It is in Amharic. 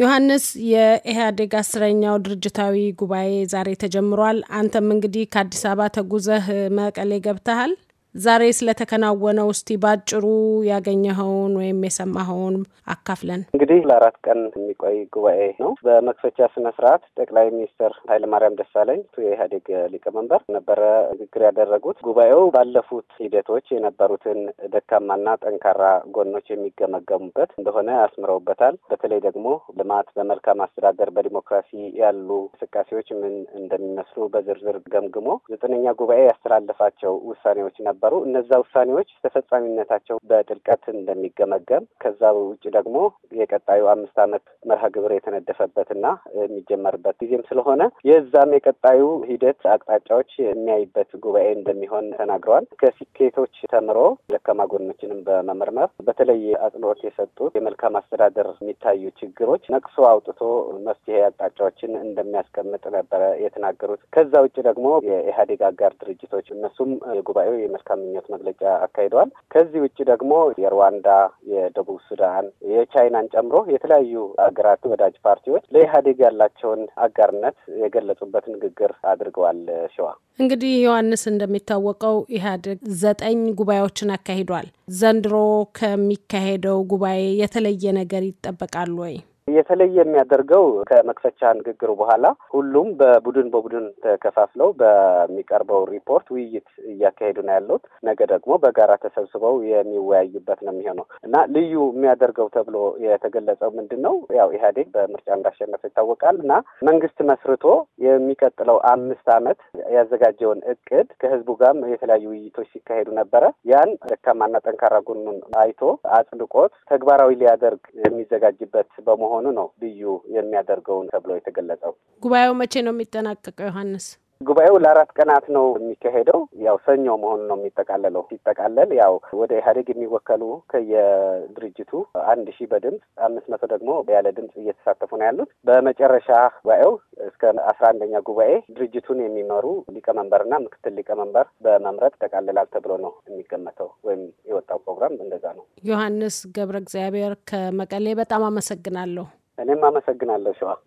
ዮሐንስ የኢህአዴግ አስረኛው ድርጅታዊ ጉባኤ ዛሬ ተጀምሯል። አንተም እንግዲህ ከአዲስ አበባ ተጉዘህ መቀሌ ገብተሃል። ዛሬ ስለተከናወነው እስቲ ባጭሩ ያገኘኸውን ወይም የሰማኸውን አካፍለን። እንግዲህ ለአራት ቀን የሚቆይ ጉባኤ ነው። በመክፈቻ ስነ ስርዓት ጠቅላይ ሚኒስትር ኃይለማርያም ደሳለኝ የኢህአዴግ ሊቀመንበር ነበረ ንግግር ያደረጉት። ጉባኤው ባለፉት ሂደቶች የነበሩትን ደካማና ጠንካራ ጎኖች የሚገመገሙበት እንደሆነ አስምረውበታል። በተለይ ደግሞ ልማት፣ በመልካም አስተዳደር፣ በዲሞክራሲ ያሉ እንቅስቃሴዎች ምን እንደሚመስሉ በዝርዝር ገምግሞ ዘጠነኛ ጉባኤ ያስተላለፋቸው ውሳኔዎች ነበ ሲፈጠሩ እነዛ ውሳኔዎች ተፈጻሚነታቸው በጥልቀት እንደሚገመገም ከዛ ውጭ ደግሞ የቀጣዩ አምስት ዓመት መርሃ ግብር የተነደፈበትና የሚጀመርበት ጊዜም ስለሆነ የዛም የቀጣዩ ሂደት አቅጣጫዎች የሚያይበት ጉባኤ እንደሚሆን ተናግረዋል። ከስኬቶች ተምሮ ደካማ ጎኖችንም በመመርመር በተለይ አጽንኦት የሰጡት የመልካም አስተዳደር የሚታዩ ችግሮች ነቅሶ አውጥቶ መፍትሄ አቅጣጫዎችን እንደሚያስቀምጥ ነበረ የተናገሩት። ከዛ ውጭ ደግሞ የኢህአዴግ አጋር ድርጅቶች እነሱም የጉባኤው የመልካም ምኞት መግለጫ አካሂደዋል። ከዚህ ውጭ ደግሞ የሩዋንዳ፣ የደቡብ ሱዳን፣ የቻይናን ጨምሮ የተለያዩ አገራት ወዳጅ ፓርቲዎች ለኢህአዴግ ያላቸውን አጋርነት የገለጹበት ንግግር አድርገዋል። ሸዋ እንግዲህ ዮሐንስ እንደሚታወቀው ኢህአዴግ ዘጠኝ ጉባኤዎችን አካሂዷል። ዘንድሮ ከሚካሄደው ጉባኤ የተለየ ነገር ይጠበቃል ወይ? የተለየ የሚያደርገው ከመክፈቻ ንግግሩ በኋላ ሁሉም በቡድን በቡድን ተከፋፍለው በሚቀርበው ሪፖርት ውይይት እያካሄዱ ነው ያለውት። ነገ ደግሞ በጋራ ተሰብስበው የሚወያዩበት ነው የሚሆነው እና ልዩ የሚያደርገው ተብሎ የተገለጸው ምንድን ነው? ያው ኢህአዴግ በምርጫ እንዳሸነፈ ይታወቃል እና መንግስት መስርቶ የሚቀጥለው አምስት ዓመት ያዘጋጀውን እቅድ ከህዝቡ ጋር የተለያዩ ውይይቶች ሲካሄዱ ነበረ። ያን ደካማና ጠንካራ ጎኑን አይቶ አጽድቆት ተግባራዊ ሊያደርግ የሚዘጋጅበት በመሆኑ መሆኑ ነው ልዩ የሚያደርገውን ተብሎ የተገለጸው። ጉባኤው መቼ ነው የሚጠናቀቀው ዮሐንስ? ጉባኤው ለአራት ቀናት ነው የሚካሄደው። ያው ሰኞ መሆኑ ነው የሚጠቃለለው። ሲጠቃለል ያው ወደ ኢህአዴግ የሚወከሉ ከየድርጅቱ አንድ ሺህ በድምፅ አምስት መቶ ደግሞ ያለ ድምፅ እየተሳተፉ ነው ያሉት። በመጨረሻ ጉባኤው እስከ አስራ አንደኛ ጉባኤ ድርጅቱን የሚመሩ ሊቀመንበርና ምክትል ሊቀመንበር በመምረጥ ጠቃልላል ተብሎ ነው የሚገመተው ወይም የወጣው ፕሮግራም እንደዛ ነው። ዮሐንስ ገብረ እግዚአብሔር ከመቀሌ በጣም አመሰግናለሁ። እኔም አመሰግናለሁ ሸዋ